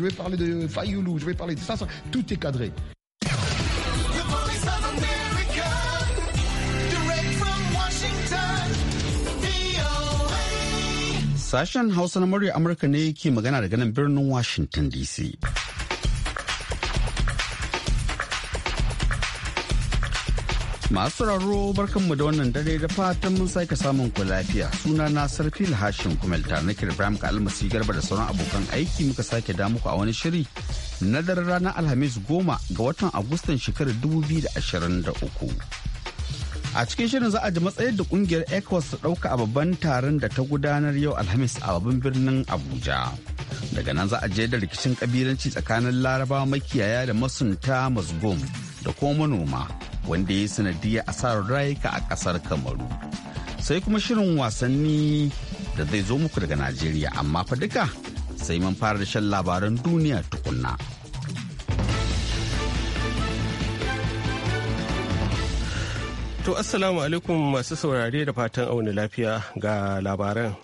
je vais parler de Fayoulou, je vais parler de ça, tout est cadré. Sashen Hausa na murya Amurka ne ke magana daga nan birnin Washington DC. Masu raro barkanmu da wannan dare da fatan mun sake samun ku lafiya. Suna na sarfi Hashim Kumel tare na Ibrahim ka almasi garba da sauran abokan aiki muka sake da muku a wani shiri na daren ranar Alhamis goma ga watan Agustan shekarar 2023. A cikin shirin za a ji matsayar da kungiyar ECOWAS ta dauka a babban taron da ta gudanar yau Alhamis a babban birnin Abuja. Daga nan za a je da rikicin kabilanci tsakanin Larabawa makiyaya da masunta Mazgum da kuma manoma wanda ya yi a asarar rayuka a kasar kamaru sai kuma shirin wasanni da zai zo muku daga najeriya amma fa duka sai mun fara da shan labaran duniya tukunna to assalamu alaikum masu saurare da fatan auni lafiya ga labaran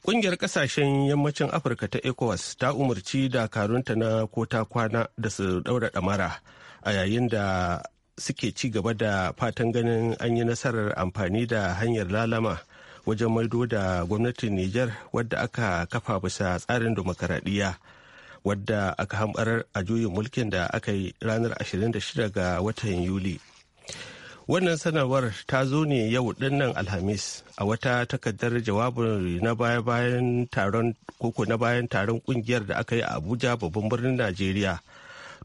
Ƙungiyar ƙasashen yammacin Afirka ta ECOWAS ta umarci dakarunta na kota kwana da su ɗaura ɗamara a yayin da suke ci gaba da fatan ganin an yi nasarar amfani da hanyar lalama wajen maido da gwamnatin Nijar wadda aka kafa bisa tsarin demokaradiyya wadda aka hambarar a juyin mulkin da aka yi ranar 26 ga watan Yuli. Wannan sanarwar ta zo ne yau dinnan Alhamis a wata takardar jawabin na bayan taron bayan taron kungiyar da aka yi a Abuja babban birnin Najeriya.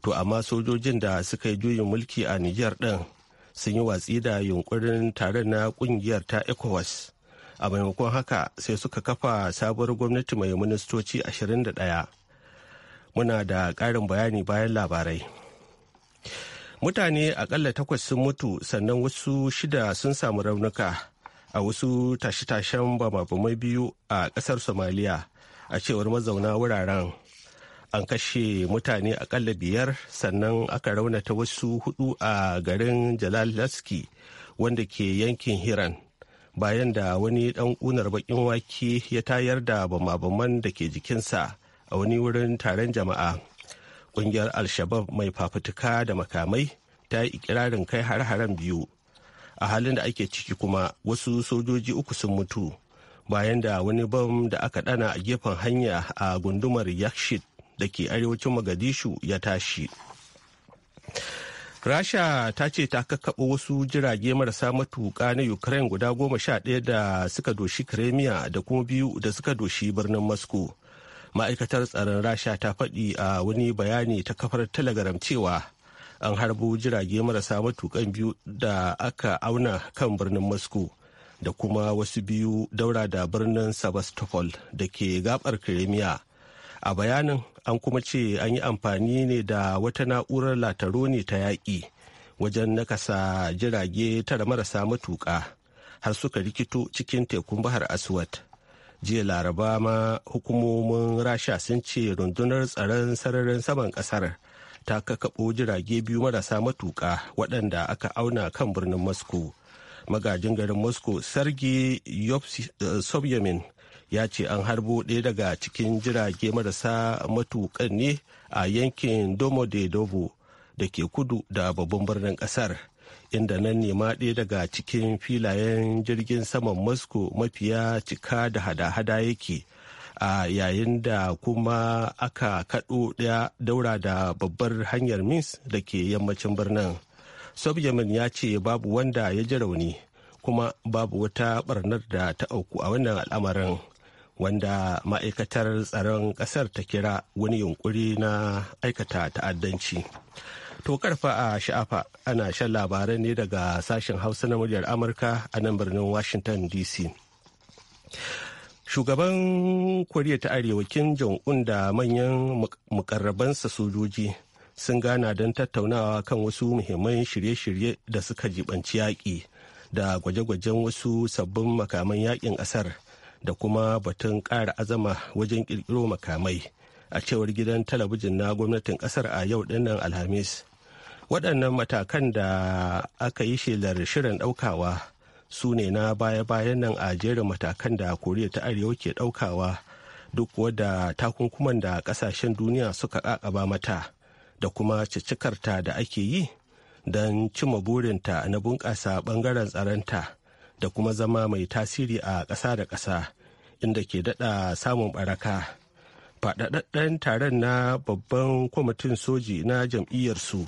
to amma sojojin da suka yi juyin mulki a niger ɗin sun yi watsi da yunkurin taron na ƙungiyar ta ecowas a maimakon haka sai suka kafa sabuwar gwamnati mai ministoci 21 muna da ƙarin bayani bayan labarai mutane akalla takwas sun mutu sannan wasu shida sun samu raunuka a wasu tashe-tashen bamabamai biyu a ƙasar somaliya a cewar mazauna wuraren an kashe mutane akalla biyar sannan aka raunata wasu hudu a garin jalalaski wanda ke yankin hiran bayan da wani dan kunar bakin wake ya tayar da bama-baman da ke jikinsa a wani wurin taron jama'a kungiyar al-shabab mai fafutuka da makamai ta yi ikirarin kai har-haren biyu a halin da ake ciki kuma wasu sojoji uku sun mutu bayan da wani bam da aka dana a gefen hanya a gundumar yakshit da ke arewacin Mogadishu ya tashi. Rasha ta ce ta kakkaɓo wasu jirage marasa matuƙa na Ukraine guda goma sha ɗaya da suka doshi Crimea da kuma biyu da suka doshi birnin Moscow. Ma'aikatar tsaron Rasha ta faɗi a wani bayani ta kafar Telegram cewa an harbo jirage marasa matuƙan biyu da aka auna kan birnin Moscow da kuma wasu biyu daura da birnin Sebastopol da ke gabar Crimea a bayanin an kuma ce an yi amfani ne da wata na'urar lataro ne ta yaƙi wajen nakasa jirage tara marasa matuƙa har suka rikito cikin tekun bahar aswad jiya laraba ma hukumomin rasha sun ce rundunar tsaron sararin saman ƙasar ta kakaɓo jirage biyu marasa matuƙa waɗanda aka auna kan birnin moscow magajin garin moscow sergei eh, sobyamin ya ce an harbo ɗaya daga cikin jirage marasa matuƙan ne a yankin domo de dovo da ke kudu da babban birnin ƙasar inda nan nema ɗaya daga cikin filayen jirgin saman moscow mafiya cika da hada-hada yake a yayin da kuma aka kaɗo ɗaya daura da babbar hanyar mins da ke yammacin birnin sobyamin ya ce babu wanda ya ji rauni kuma babu wata barnar da ta auku a wannan al'amarin wanda ma'aikatar tsaron ƙasar ta kira wani yunkuri na aikata ta'addanci. To karfa a sha'afa ana shan labarai ne daga sashen hausa na muryar Amurka a nan birnin Washington DC. Shugaban Koriya ta Arewa Kim Jong-un da manyan mukarrabansa sojoji sun gana don tattaunawa kan wasu muhimman shirye-shirye da suka jibanci yaƙi da gwaje-gwajen wasu sabbin makaman yaƙin ƙasar. da kuma batun ƙara azama wajen ƙirƙiro makamai a cewar gidan talabijin na gwamnatin ƙasar a yau dinnan alhamis waɗannan matakan da aka yi shelar shirin ɗaukawa su ne na baya-bayan nan a jerin matakan da koriya ta arewa ke ɗaukawa duk wadda takunkuman da ƙasashen duniya suka ƙaƙaba mata da kuma cicikarta da ake yi don cimma burinta na bunƙasa ɓangaren tsaronta da kuma zama mai tasiri a ƙasa da ƙasa inda ke daɗa samun baraka faɗaɗaɗɗen taron na babban kwamitin soji na jam'iyyarsu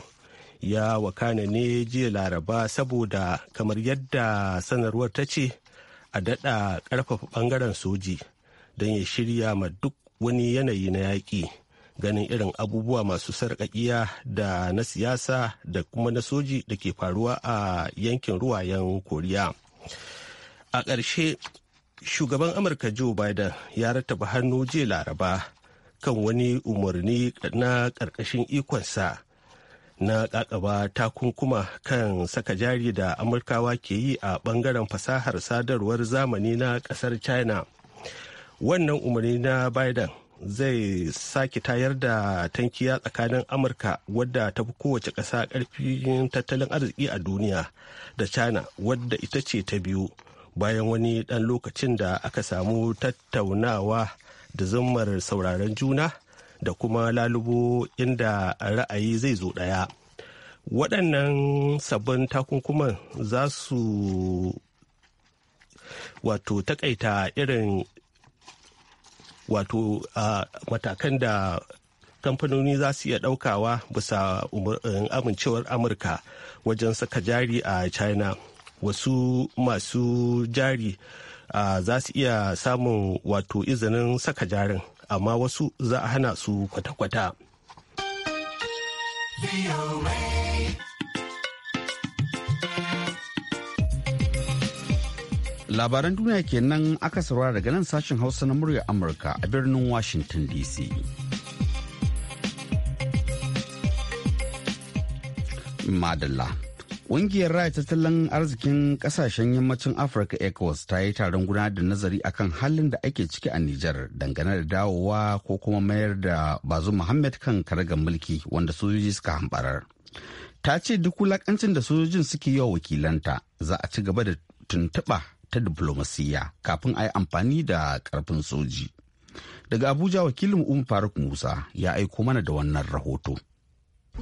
ya wakana ne jiya laraba saboda kamar yadda sanarwar ta ce a daɗa ƙarfafa ɓangaren soji don ya shirya ma duk wani yanayi na yaƙi ganin irin abubuwa masu sarƙaƙiya da na siyasa da kuma na soji da ke faruwa a yankin ruwayen koriya a ƙarshe shugaban amurka joe biden ya rattaba hannu jiya laraba kan wani umarni na ƙarƙashin ikonsa na kakaba takunkuma kan saka jari da amurkawa ke yi a bangaren fasahar sadarwar zamani na ƙasar china wannan umarni na biden zai sake tayar da tankiya tsakanin amurka wadda ta fi kowace ƙasa ƙarfin tattalin arziki a duniya da china wadda ita ce ta biyu bayan wani ɗan lokacin da aka samu tattaunawa da zumar sauraron juna da kuma lalubo inda ra'ayi zai zo ɗaya waɗannan sabbin takunkuman za su wato takaita irin wato matakan da kamfanoni za su iya ɗaukawa bisa amincewar amurka wajen saka jari a china wasu masu jari za su iya samun wato izinin saka jarin amma wasu za a hana su kwata-kwata. Labaran duniya kenan aka saurara daga nan sashen Hausa na murya Amurka a birnin Washington DC. Madalla. Ƙungiyar raya tattalin arzikin ƙasashen yammacin Afirka ECOWAS ta yi taron gudanar da nazari akan halin da ake ciki a Nijar dangane da dawowa ko kuma mayar da bazu Muhammad kan karagar mulki wanda sojoji suka hambarar. Ta ce duk wulakancin da sojojin suke yi wa wakilanta za a ci gaba da tuntuɓa ta diflomasiyya kafin a yi amfani da ƙarfin soji. Daga Abuja wakilin Umar Faruk Musa ya aiko mana da wannan rahoto.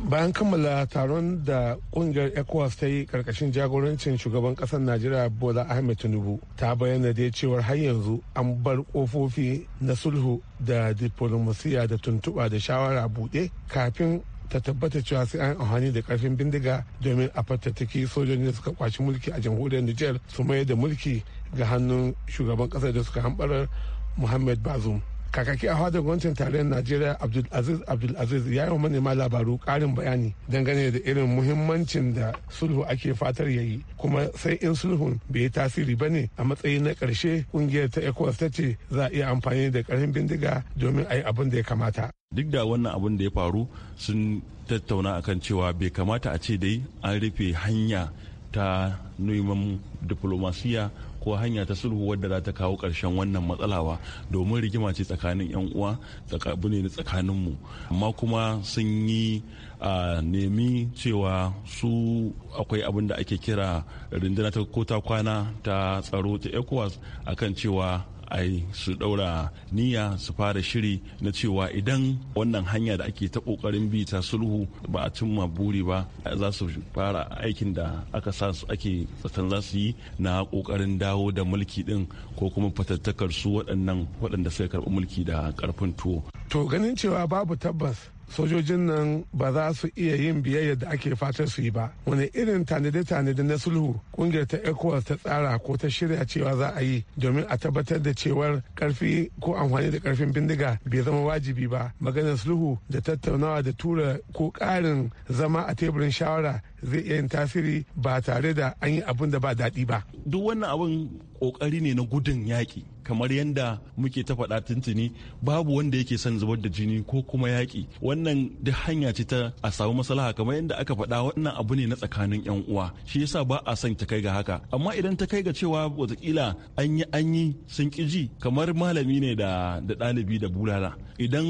bayan kammala taron da kungiyar ecowas ta yi karkashin jagorancin shugaban kasar najeriya bola ahmed tinubu ta bayyana da cewar har yanzu an bar kofofi na sulhu da diplomasiya da tuntuɓa da shawara buɗe kafin ta tabbata cewa sai an amfani da karfin bindiga domin a fatattaki sojojin da suka kwaci mulki a jamhuriyar niger su mayar da mulki ga hannun shugaban kasar da suka hambarar muhammad bazum. kakaki a hadar gwamnatin tarayyar najeriya abdulaziz abdulaziz ya yi wa manema labaru karin bayani dangane da irin muhimmancin da sulhu ake fatar ya yi kuma sai in sulhun bai yi tasiri ba ne a matsayi na karshe ƙungiyar ta ecowas ta ce za a iya amfani da karin bindiga domin a yi abin da ya kamata duk da wannan abun da ya faru sun tattauna a kan cewa bai kamata a ce dai an rufe hanya ta neman diplomasiya ko hanya ta sulhu wadda za ta kawo ƙarshen wannan matsalawa domin rigima ce tsakanin 'yan uwa abu ne tsakanin mu amma kuma sun yi a nemi cewa su akwai abin da ake kira rundunar ta kota kwana ta tsaro ta ecowas akan cewa ai su daura niyya su fara shiri na cewa idan wannan hanya da ake ta kokarin bi ta sulhu ba a cimma buri ba za su fara aikin da aka sa su ake zaton za su yi na kokarin dawo da mulki din ko kuma fatattakar su waɗannan waɗanda suka karɓi mulki da karfin tuwo to ganin cewa babu tabbas sojojin nan ba za su iya yin biyayya da ake fatar su yi ba wani irin tanade-tanade na sulhu kungiyar ta ecowas ta tsara ko ta shirya cewa za a yi domin a tabbatar da cewar karfi ko amfani da karfin bindiga bai zama wajibi ba maganar sulhu da tattaunawa da tura ko karin zama a teburin shawara zai iya yin tasiri ba tare da an yi abin da ba daɗi ba duk wannan abin kokari ne na gudun yaƙi kamar yadda muke ta faɗa tuntuni babu wanda yake son zubar da jini ko kuma yaƙi wannan duk hanya ce ta a samu maslaha kamar yadda aka faɗa wannan abu ne na tsakanin yan uwa shi yasa ba a son ta kai ga haka amma idan ta kai ga cewa wataƙila an yi an yi sun ji kamar malami ne da da ɗalibi da bulala idan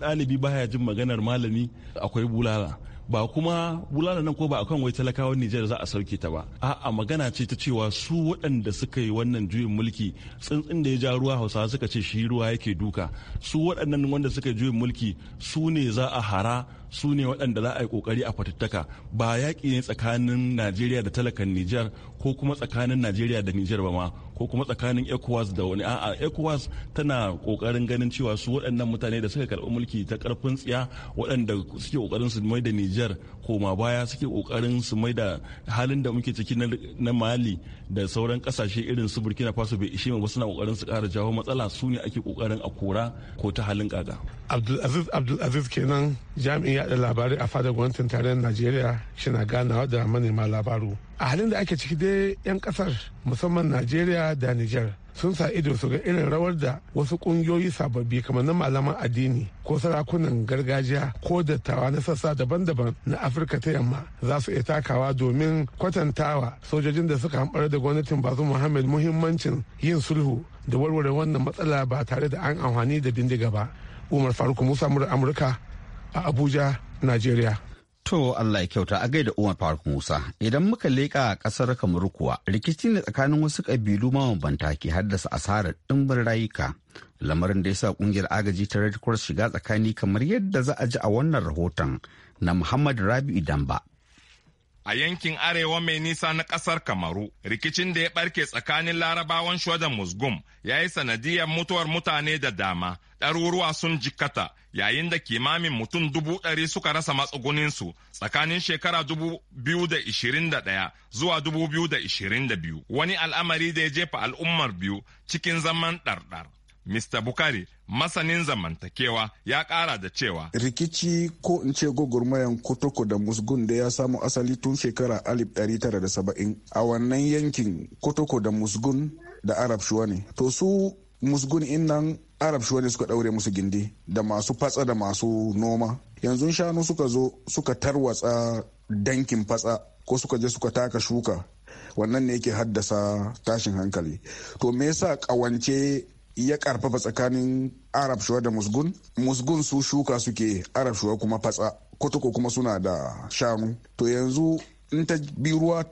ɗalibi baya jin maganar malami akwai bulala ba kuma bulala nan ko ba akan wai talakawan Nijar za a sauke ta ba a'a magana ce ta cewa su waɗanda suka yi wannan juyin mulki tsintsin da ya ja ruwa Hausawa suka ce shi ruwa yake duka su waɗannan wanda suka juyin mulki su ne za a hara su ne waɗanda za a yi kokari a fatattaka ba yaƙi ne tsakanin najeriya da talakan nijar ko kuma tsakanin najeriya da nijar ba ma ko kuma tsakanin ecowas da wani a'a ecowas tana kokarin ganin cewa su waɗannan mutane da suka karɓi mulki ta karfin tsiya waɗanda suke kokarin su mai da nijar koma baya suke kokarin su mai da halin da muke ciki na mali da sauran kasashe irin su burkina faso bai ishe ba suna kokarin su ƙara jawo matsala su ne ake kokarin a kora ko ta halin kaga abdulaziz abdulaziz kenan jami'in yaɗa labarai a fadar gwamnatin tarayyar najeriya shi na ganawa da manema labaru a halin da ake ciki dai 'yan kasar musamman najeriya da niger sun sa ido su ga irin rawar da wasu kungiyoyi sababbi kamar na malaman addini ko sarakunan gargajiya ko dattawa na sassa daban-daban na afirka ta yamma za su iya takawa domin kwatantawa sojojin da suka hambar da gwamnatin bazu muhammad muhimmancin yin sulhu da warware wannan matsala ba tare da an amfani da bindiga ba umar faruk musa amurka a abuja najeriya To Allah ya kyauta a gaida Umar Faruk Musa. Idan muka leƙa ƙasar kamar kuwa rikici ne tsakanin wasu ƙabilu mabambanta ke haddasa asarar ɗimbin rayuka. Lamarin da ya sa ƙungiyar agaji ta Red Cross shiga tsakani kamar yadda za a ji a wannan rahoton na Muhammad Rabi'u Damba a yankin arewa mai nisa na kasar Kamaru. Rikicin da ya barke tsakanin larabawan shodan Musgum ya yi sanadiyar mutuwar mutane da dama. Ɗaruruwa sun jikkata yayin da kimamin mutum dubu ɗari suka rasa matsuguninsu tsakanin shekara dubu biyu da ishirin da ɗaya zuwa dubu biyu da ishirin da biyu. Wani al'amari da ya jefa al'ummar biyu cikin zaman ɗarɗar. Mr. Bukari masanin zamantakewa ya kara da cewa rikici ko in ce gwagwarmayan kotoko da musgun da ya samu asali tun shekara 1970 a wannan yankin kotoko da musgun da arab shuwa ne to su musgun in nan arab shuwa ne suka daure musu gindi da masu fatsa da masu noma yanzu shanu suka zo suka tarwatsa dankin fatsa ko suka je suka taka shuka wannan ne yake haddasa tashin hankali to me yasa kawance ya karfafa tsakanin arab shuwa da musgun musgun su shuka suke arab shuwa kuma fatsa kotoko kuma suna da shanu to yanzu in ta bi ruwa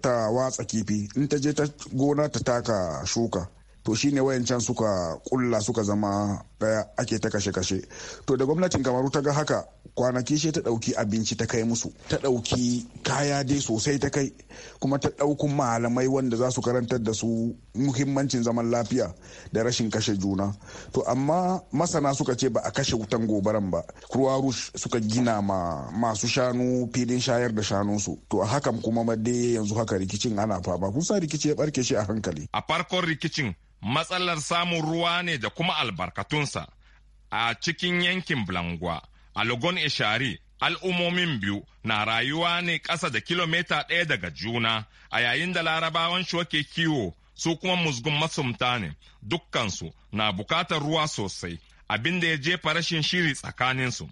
ta watsa kifi in ta je ta gona ta taka shuka to shine wayancan suka kulla suka zama daya ake ta kashe-kashe to da gwamnatin kamaru ta ga haka kwanaki sai ta ɗauki abinci ta kai musu ta ɗauki kaya dai sosai ta kai kuma ta ɗaukun malamai wanda za su karantar da su muhimmancin zaman lafiya da rashin kashe juna to amma masana suka ce ba a kashe wutan gobaran ba rush suka gina ma masu shanu filin shayar da shanunsu to a hakan kuma dai yanzu haka rikicin ana fama kusa rikici ya barke shi a hankali a farkon rikicin matsalar samun ruwa ne da kuma albarkatunsa a cikin yankin blangwa a Logon Ishari al'ummomin biyu na rayuwa ne ƙasa da kilomita ɗaya daga juna a yayin da larabawan shoke kiwo su kuma musgun masumta ne dukkansu na buƙatar ruwa sosai abin da ya jefa rashin shiri tsakaninsu.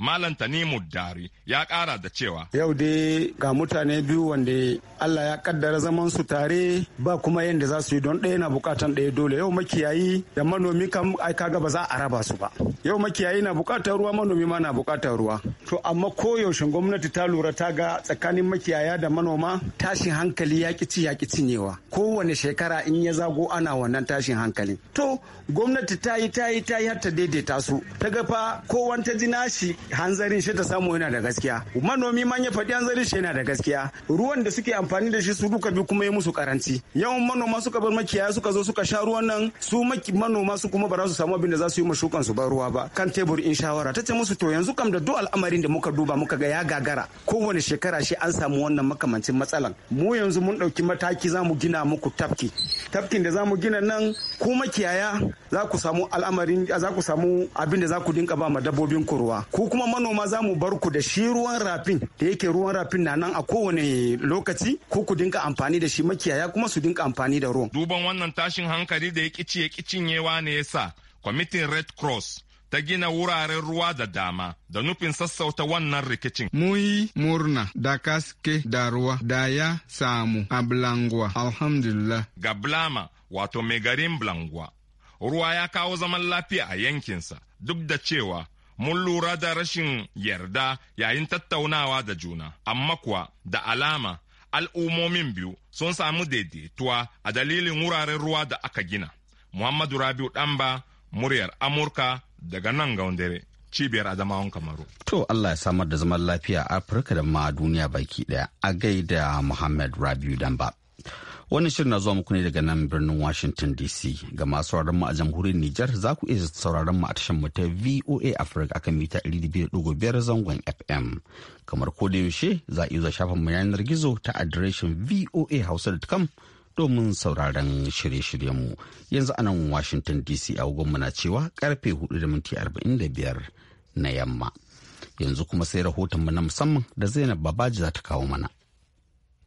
Malam Tanimu Dari ya kara da cewa. Yau dai ga mutane biyu wanda Allah ya kaddara zaman su tare ba kuma yadda za su yi don ɗaya na bukatan ɗaya dole yau makiyayi da manomi kam ai kaga ba za a raba su ba. Yau makiyayi na bukatar ruwa manomi ma na bukatar ruwa. To amma koyaushe gwamnati ta lura ta ga tsakanin makiyaya da manoma tashin hankali ya ci ya cinyewa. Kowane shekara in ya zago ana wannan tashin hankali. To gwamnati ta yi ta yi ta yi har ta daidaita su. Ta ga fa kowan ta ji nashi hanzarin shi ta samu yana da gaskiya manomi man ya faɗi hanzarin shi yana da gaskiya ruwan da suke amfani da shi su duka bi kuma ya musu karanci yawan manoma suka bar makiyaya suka zo suka sha ruwan nan su manoma su kuma ba za su samu abin da za su yi ma shukan su ba ruwa ba kan tebur in shawara ta ce musu to yanzu kam da duk al'amarin da muka duba muka ga ya gagara kowane shekara shi an samu wannan makamancin matsalan mu yanzu mun ɗauki mataki za mu gina muku tafki tafkin da za mu gina nan ku makiyaya za ku samu al'amarin za ku samu abin da za ku dinka ba ma dabbobin ku ruwa ku kuma manoma za mu bar ku da shi ruwan rafin da yake ruwan rafin na nan a kowane lokaci ko ku dinka amfani da shi makiyaya kuma su dinka amfani da ruwan duban wannan tashin hankali da ya kici ya cinyewa ne yasa kwamitin red cross ta gina wuraren ruwa da dama da nufin sassauta wannan rikicin. Muyi murna da kaske da ruwa da ya samu a Blangwa, alhamdulillah. Ga Blama, wato mai garin Blangwa. ruwa ya kawo zaman lafiya a yankinsa duk da cewa mun lura da rashin yarda yayin tattaunawa da juna amma kuwa da alama al'ummomin biyu sun samu daidaituwa a dalilin wuraren ruwa da aka gina muhammadu rabiu ɗanba muryar amurka daga nan gaundare cibiyar adamawan kamaru to allah ya samar da zaman lafiya a afirka da ma duniya baki daya a gaida muhammad rabiu ɗanba Wannan shirin na zuwa muku ne daga nan birnin Washington DC ga masu sauraron mu a jamhuriyar Nijar za ku iya sauraron mu a tashar mu ta VOA Africa akan mita 200.5 zangon FM. Kamar ko da yaushe za a iya shafin mu yanar gizo ta adireshin voahausa.com domin sauraron shirye-shiryen mu. Yanzu a nan Washington DC a mu na cewa karfe 4:45 da minti biyar na yamma. Yanzu kuma sai rahoton mu na musamman da Zainab Babaji za ta kawo mana.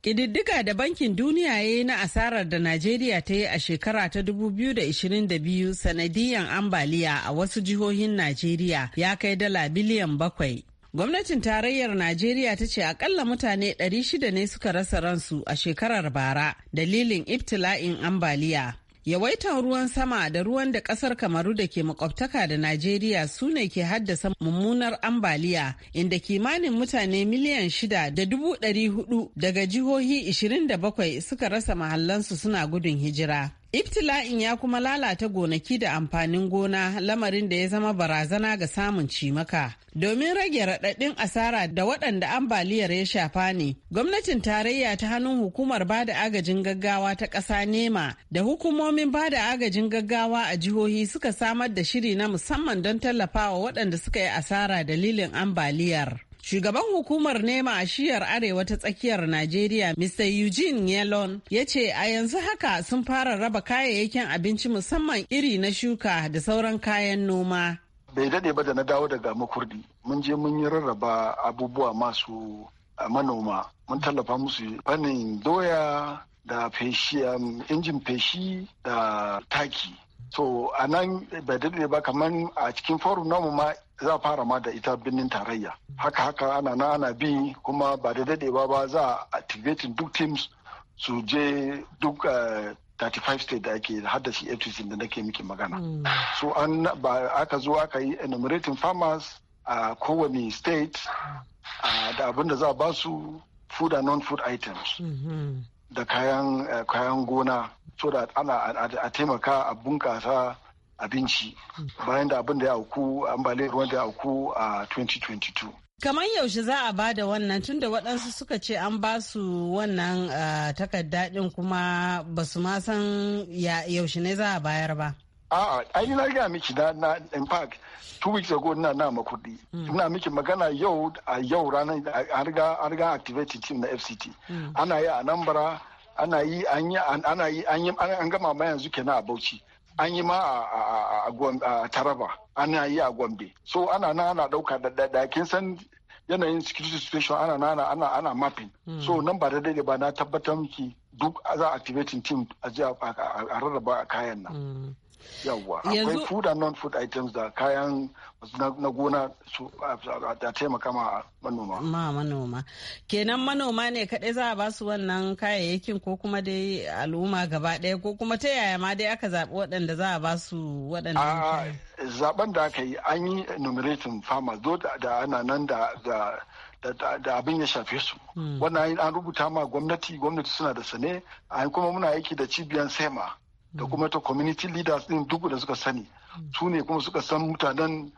Ƙididdiga da Bankin Duniya ya yi na asarar da Najeriya ta yi a shekara ta 2022 sanadiyan ambaliya a wasu jihohin Najeriya ya kai dala biliyan bakwai. Gwamnatin tarayyar Najeriya ta ce akalla mutane 600 ne suka rasa ransu a shekarar bara dalilin ibtila'in ambaliya. Yawaitan ruwan sama da ruwan da kasar Kamaru da ke makwabtaka da Najeriya su ne ke haddasa mummunar ambaliya inda kimanin mutane miliyan shida da dubu ɗari hudu daga jihohi 27 suka rasa mahallansu suna gudun hijira. Ibtila'in ya kuma lalata gonaki da amfanin gona lamarin da ya zama barazana ga samun cimaka. Domin rage raɗaɗin asara da waɗanda ambaliyar ya shafa ne, gwamnatin tarayya ta hannun hukumar bada agajin gaggawa ta ƙasa nema da hukumomin bada agajin gaggawa a jihohi suka samar da shiri na musamman don tallafawa waɗanda suka yi asara dalilin ambaliyar. Shugaban hukumar nema a shiyar arewa ta tsakiyar Najeriya, Mr. Eugene Yelon, ya ce a yanzu haka sun fara raba kayayyakin abinci musamman iri na shuka da sauran kayan noma. Bai daɗe ba da na dawo daga makurdi, mun je mun yi rarraba abubuwa masu manoma. Mun tallafa musu fannin doya da feshi um, injin feshi da taki so a nan bai daɗe ba kamar a cikin forum namu ma za fara ma da ita birnin tarayya haka haka ana na ana bi kuma ba da daɗe ba ba, za a activating duk teams su je duk 35 eh, state da ake hada shi FTC da nake miki magana. Hmm. So an ba aka zo aka yi enumerating farmers a kowane state ah. Ah, da abin da za a su food and non-food items. Hmm, hmm. da kayan eh, kayan gona so da ana a taimaka a bunkasa abinci bayan da abin da ya auku ambaliyar ruwan da ya auku a 2022 kamar yaushe za a ba da wannan tunda waɗansu suka ce an ba su wannan eh, takarda kuma ba su ma san yaushe ne za a bayar ba a'a ai na ga miki na na in fact two weeks ago na na kuɗi. Hmm. ina miki magana yau a yau ranar an riga an riga activating team na FCT hmm. ana yi a Anambra ana yi an yi ana yi an yi an gama ma yanzu kenan a Bauchi an yi ma a Taraba ana yi a Gombe so ana na ana dauka da da kin san yanayin security situation ana na ana ana mapping hmm. so nan ba daidai ba na tabbatar miki duk za a activating team a rarraba kayan nan yawwa akwai food and non food items da kayan na gona su da taimaka manoma ma manoma kenan manoma ne kaɗai za a basu wannan kayayyakin ko kuma dai al'umma gaba daya ko kuma ta yaya ma dai aka zaɓi waɗanda za a ba su waɗannan Zaɓen da aka yi an yi numeratin farmers zo da ana nan da da abin ya shafe su hmm. wannan an rubuta ma gwamnati gwamnati suna da sane an kuma muna aiki da cibiyar sema da kuma ta community leaders din duk da suka sani su ne kuma suka san mutanen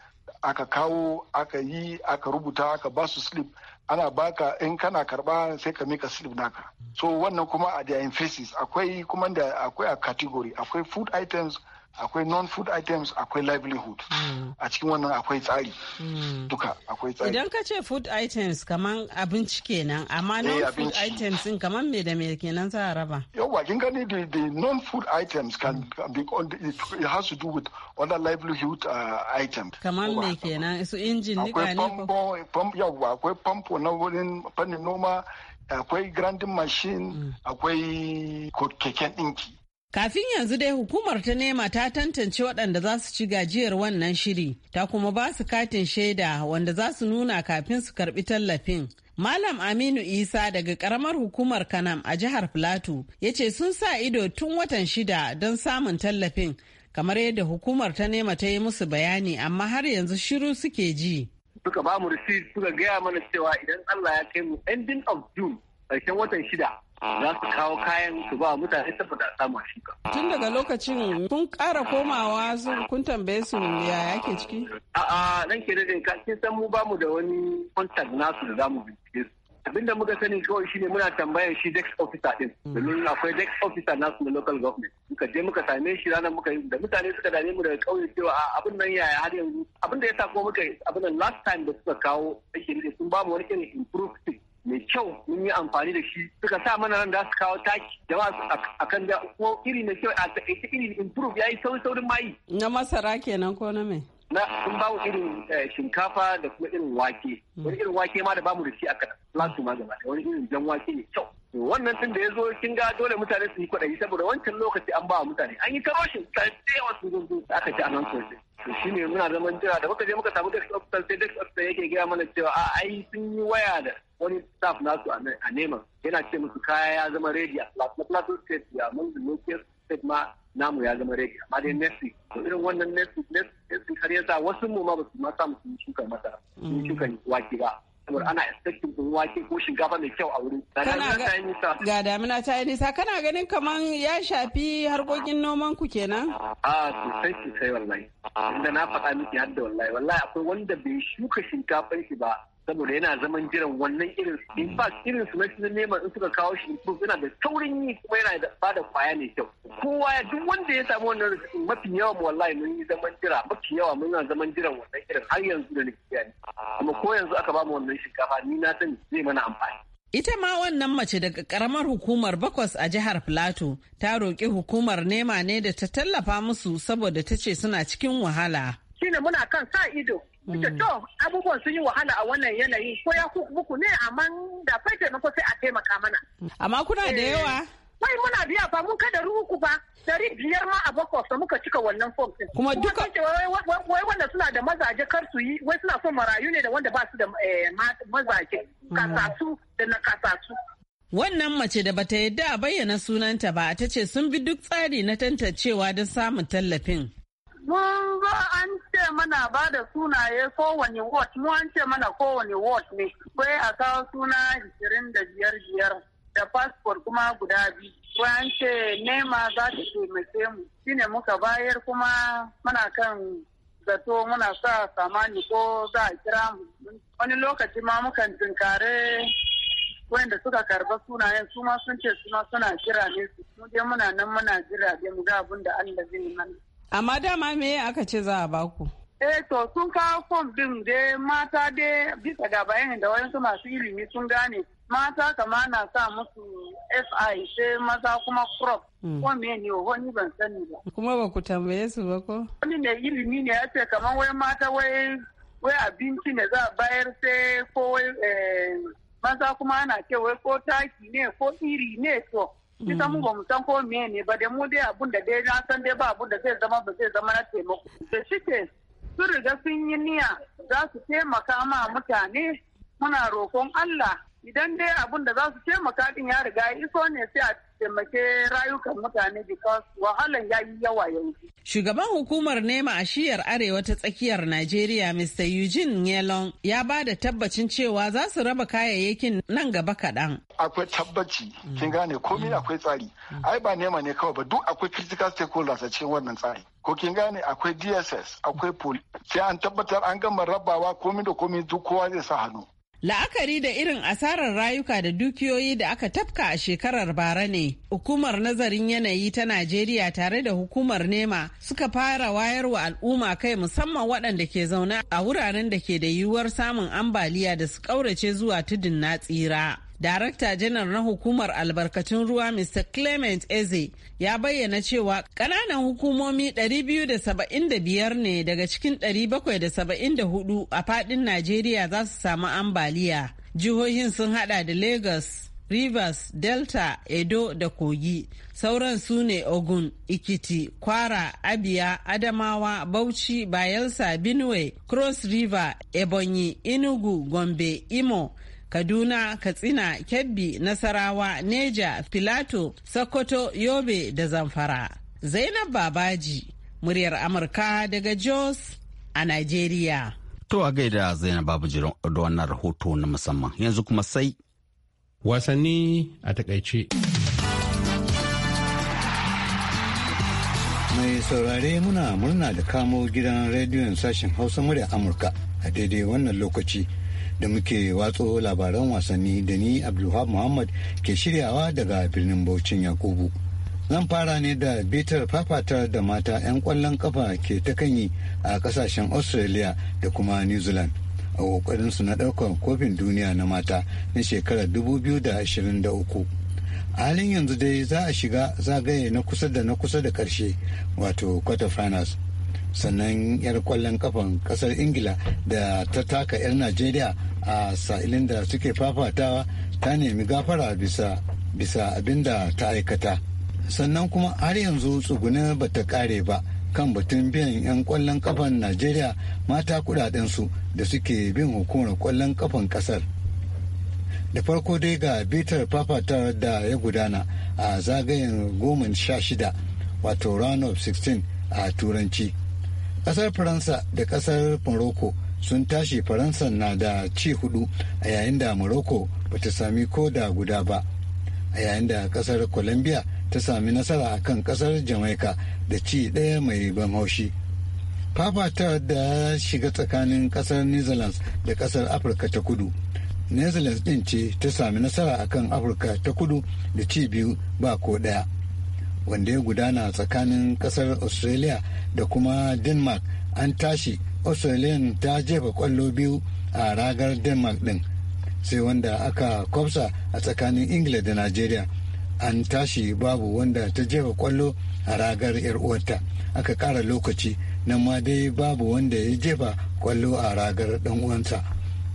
aka kawo aka yi aka rubuta aka ba su slip ana baka in kana karba sai ka mika slip naka so wannan kuma a their faces akwai kuma da akwai a category akwai food items akwai non-food items akwai livelihood mm. a cikin wannan akwai tsari mm. duka akwai tsari idan ka ce food items kaman abinci kenan amma eh, non-food items din kaman me da me kenan za a raba yawa kin gani the, the non-food items can, be on the, it, has to do with other livelihood uh, items kaman me kenan su injin nika ne ko yawa akwai pump na wurin fannin noma akwai grinding machine mm. akwai keken dinki Kafin yanzu dai hukumar ta nema ta tantance waɗanda za su ci gajiyar wannan shiri, ta kuma ba su katin shaida wanda za su nuna kafin su karɓi tallafin. Malam Aminu Isa daga karamar hukumar Kanam a jihar Filato ya ce sun sa ido tun watan shida don samun tallafin kamar yadda hukumar ta nema ta yi musu bayani amma har yanzu shiru suke ji. Suka ba mu suka gaya mana cewa idan Allah ya kai mu ending of June ƙarshen watan shida za su kawo kayan su ba mutane saboda samu shuka. Tun daga lokacin kun ƙara komawa kun tambaye su ya yake ciki? a nan ke dadin kin san mu bamu da wani contact nasu da zamu bincike su. abinda muka sani kawai shine muna tambayar shi dex officer din mm. domin akwai dex officer nasu na local government muka je muka same shi ranar muka yi da mutane suka dame mu daga kauye cewa a abin nan yaya har yanzu abin da ya sa kuma muka abin nan last time da suka kawo ake ne sun ba mu wani irin improve. mai kyau mun yi amfani da shi suka sa mana nan da su kawo taki da ba a kan da ko iri mai kyau a ita iri improve ya yi saurin saurin mayi. Na masara kenan ko na mai? Na sun bawo irin eh, shinkafa da kuma irin wake. Hmm. Wani irin wake ma da bamu da shi a kan lasu ma gaba wani irin jan wake mai kyau. wannan tun da ya zo kin ga dole mutane su yi kwaɗayi saboda wancan lokaci an ba mutane an yi karoshin sai wasu su aka ci a nan sosai. shi ne muna zaman jira da muka je muka samu desk officer sai desk officer yake gaya mana cewa a ai sun yi waya da wani staff nasu a neman yana ce musu kaya ya zama ready a plateau state ya mun lokacin state ma namu ya zama radio amma dai nesi to irin wannan nesi nesi har yasa wasu mu ma ba su ma samu sun shuka mata sun shuka wake ba saboda ana expecting ɗin wake ko shinkafa mai kyau a wuri. Kana ga damina ta yi nisa kana ganin kaman ya shafi harkokin noman ku kenan? A sosai sosai wallahi. Inda na faɗa miki hadda wallahi wallahi akwai wanda bai shuka shinkafan shi ba saboda yana zaman jiran wannan irin in fact irin su na neman in suka kawo shi improve yana da saurin yi kuma yana da bada kwaya ne kyau kowa ya duk wanda ya samu wannan mafi yawa wallahi mun yi zaman jira mafi yawa mun yi zaman jiran wannan irin har yanzu da nake gani kuma ko yanzu aka bamu wannan shinkafa ni na san zai mana amfani Ita ma wannan mace daga karamar hukumar bakwas a jihar Plateau ta roƙi hukumar nema ne da ta tallafa musu saboda ta ce suna cikin wahala. Shine muna kan sa ido Ita mm. to abubuwan sun yi wahala a wannan yanayi ko ya muku ne amma da fai taimako sai a taimaka mana. Mm. Amma kuna da eh. yawa? Wai muna biya ba mun kada ruku ba dari biyar ma a bakwasa muka cika wannan fom din. Kuma duka wai wanda suna da mazaje kar su yi wai suna son marayu ne da wanda ba su da eh, mazaje mm. kasasu da na kasasu. Wannan mace da bata yadda a bayyana sunanta ba ta ce sun bi duk tsari na tantancewa don samun tallafin. mun zo an ce mana ba da sunaye kowane ward mu an ce mana kowane ward ne bai a kawo suna 25 da biyar biyar da fasfor kuma guda biyu bai an ce nema za ta taimake mu shine muka bayar kuma muna kan zato muna sa samani ko za a kira mu wani lokaci ma mukan tinkare wanda suka karba sunayen su ma sun ce suna suna kira ne su dai muna nan muna jira dai mu ga abin da Allah zai mana Amma dama me aka ce za a baku? Eh to sun kawo fom din da mata dai bisa ga bayanin da wayansu masu ilimi sun gane. Mata kama na sa musu FI sai maza kuma crop. Hmm. Ko me ne wani ban sani ba. Kuma ba ku tambaye su ba ko? Wani ne ilimi ne ya ce kamar wai mata wai wai abinci ne za a bayar sai ko wai eh, maza kuma ana ce wai ko taki ne ko iri ne to. bisa mu ba mu san ko me ne ba da mu dai abun da dai na san dai ba abun da zai zama ba zai zama na taimako da ke sun riga sun yi niyya za su taimaka ma mutane muna roƙon Allah idan dai abin da za su taimaka makaɗin ya riga iso ne sai a taimake rayukan mutane because wahalan ya yi yawa yanzu. Shugaban hukumar nema a shiyar arewa ta tsakiyar Najeriya Mr. Eugene Yelon ya ba da tabbacin cewa za su raba kayayyakin nan gaba kaɗan. Akwai tabbaci, kin gane komai mm. akwai tsari. Mm. Ai ba nema ne kawai ba duk akwai critical stakeholders a cikin wannan tsari. Ko kin gane akwai DSS, akwai police. Sai an tabbatar an gama rabawa komai da komai duk kowa zai sa hannu. La'akari da irin asarar rayuka da dukiyoyi da aka tafka a shekarar bara ne, hukumar nazarin yanayi ta Najeriya tare da hukumar NEMA suka fara wayarwa al'umma kai musamman waɗanda ke zaune a wuraren da ke da yiwuwar samun ambaliya da su ƙaurace zuwa tudun na tsira. Darakta janar na hukumar albarkatun ruwa Mr. Clement Eze ya bayyana cewa ƙananan hukumomi 275 ne daga cikin 774 a faɗin Najeriya za su samu ambaliya. Jihohin sun hada da Lagos, Rivers, Delta, Edo da Kogi. Sauran su ne Ogun, Ikiti, Kwara, Abia, Adamawa, Bauchi, Bayelsa, Benue, Cross River, Ebonyi, Inugu Gombe, Imo, Kaduna, Katsina, Kebbi, Nasarawa, Neja, Filato, Sokoto, Yobe da Zamfara. Zainab Babaji, muryar Amurka daga Jos a Najeriya. To a gaida Zainab Babaji da wannan rahoto na musamman yanzu kuma sai. Wasanni a takaice. Mai saurare muna murna da kamo gidan rediyon sashen Hausa murya Amurka a daidai wannan lokaci. da muke watso labaran wasanni da ni Abdulhab Muhammad ke shiryawa daga birnin baucin Yakubu. Zan fara ne da bitar fafatar da mata 'yan kwallon kafa ke ta yi a kasashen Australia da kuma New Zealand. a su na ɗaukar kofin duniya na mata na shekarar dubu biyu da da ashirin uku. a halin yanzu dai za a shiga zagaye na kusa da na kusa da karshe wato quarter finals sannan yar kwallon kafan kasar ingila da ta taka yar najeriya a sa'ilin da suke fafatawa ta nemi gafara bisa bisa abin da ta aikata sannan kuma har yanzu tsugune ba ta kare ba kan batun biyan 'yan kwallon kafan najeriya mata kudadensu da suke bin hukumar kwallon kafan kasar da farko dai ga bitar fafata da ya gudana a zagayen goma sha shida wato round of 16 a turanci kasar faransa da kasar morocco sun tashi faransa na da ci hudu a yayin da morocco ba ta sami ko da guda ba a yayin da kasar colombia ta sami nasara a kan kasar jamaica da ci ɗaya mai ban haushi ta da shiga tsakanin kasar netherlands da kasar afirka ta kudu netherlands ɗin ce ta sami nasara akan afirka ta kudu da ci biyu ba ko ɗaya wanda ya gudana tsakanin kasar australia da kuma denmark an tashi australian ta jefa kwallo biyu a ragar denmark din sai wanda aka kwafsa a tsakanin ingila da nigeria an tashi babu wanda ta jefa kwallo a ragar yar uwarta aka kara lokaci nan ma dai babu wanda ya jefa kwallo a ragar dan uwansa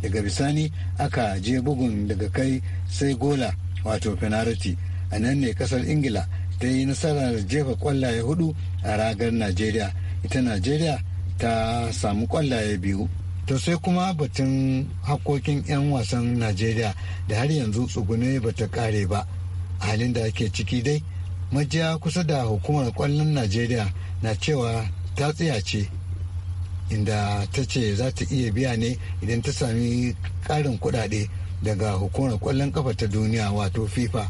daga bisani aka je bugun daga kai sai gola wato penalty a nan ne kasar ingila ta yi nasarar jefa kwallaye hudu a ragar najeriya ita najeriya ta samu kwallaye biyu to sai kuma batun hakokin 'yan wasan najeriya da har yanzu tsugune ba ta kare ba halin da ake ciki dai majiya kusa da hukumar kwallon najeriya na cewa ta tsaya ce inda ta ce za ta iya biya ne idan ta sami karin kudade daga hukumar kwallon kafa ta duniya wato fifa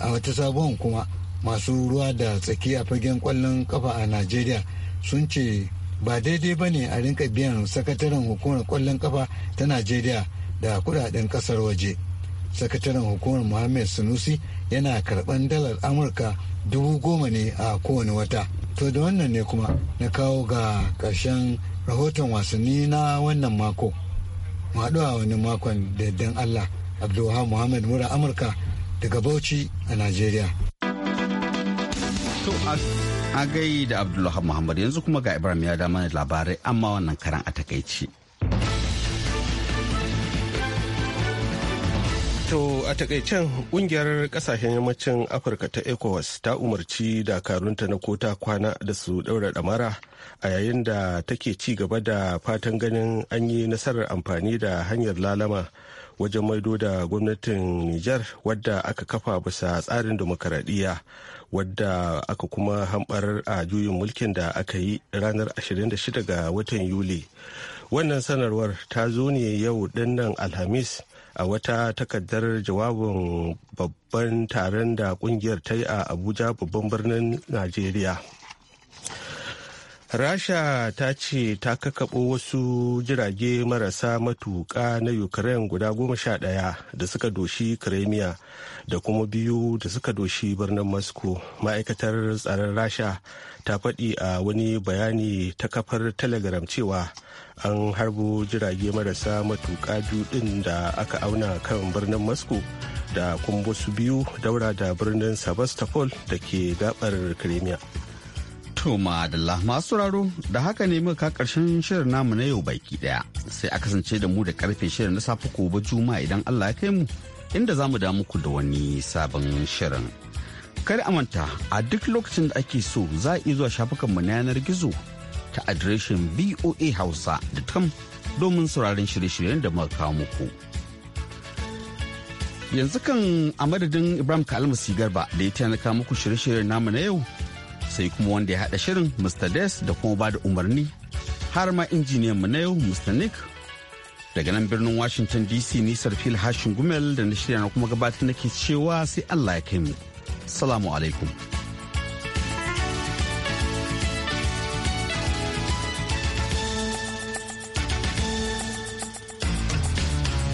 a wata sabon kuma masu ruwa da tsaki a fagen kwallon kafa a najeriya sun ce ba daidai ba ne a rinka biyan sakataren hukumar kwallon kafa ta najeriya da kudaden kasar waje sakataren hukumar mohammed sanusi yana karban dalar amurka dubu goma ne a kowane wata to da wannan ne kuma na kawo ga ƙarshen rahoton wasanni na wannan mako haɗu a wani makon da allah abdulwahab muhammed mura amurka daga bauchi a najeriya To a gai da Abdullahi Muhammad yanzu kuma ga Ibrahim ya da labarai amma wannan karan a takaici. To a takaicen kungiyar kasashen yammacin Afirka ta ECOWAS ta umarci dakarunta na kota kwana da su daura damara a yayin da take ci gaba da fatan ganin an yi nasarar amfani da hanyar lalama wajen maido da gwamnatin Nijar wadda aka kafa bisa tsarin demokaradiyya wadda aka kuma hambar a juyin mulkin da aka yi ranar 26 ga watan Yuli. Wannan sanarwar ta zo ne yau dinnan Alhamis a wata takardar jawabin babban taron da kungiyar ta yi a Abuja babban birnin Najeriya. rasha ta ce ta kakaɓo wasu jirage marasa matuƙa na ukraine guda goma sha ɗaya da suka doshi crimea da kuma biyu da suka doshi birnin moscow ma'aikatar tsaron rasha ta faɗi a wani bayani ta kafar telegram cewa an harbo jirage marasa matuƙa biyu din da aka auna kan birnin moscow da kuma wasu biyu daura da birnin sebastopol da ke gabar crimea To madalla masu sauraro da haka ne muka ka karshen shirin namu na yau baki daya sai a kasance da mu da karfe shirin na safe ba juma'a idan Allah ya kai mu inda za mu da muku da wani sabon shirin. Kar a manta a duk lokacin da ake so za a iya zuwa mu na yanar gizo ta adireshin voahausa.com domin sauraron shirye-shiryen da muka kawo muku. Yanzu kan a madadin Ibrahim Kalmasi Garba da ya taimaka muku shirye-shiryen namu na yau sai kuma wanda ya haɗa shirin Mr. Des da kuma ba da umarni har ma injiniyan mu na yau Mr. Nick. Daga nan birnin Washington DC nisar fil hashin gumel da na shirya na kuma gabatar nake cewa sai Allah ya kai mu. Salamu alaikum.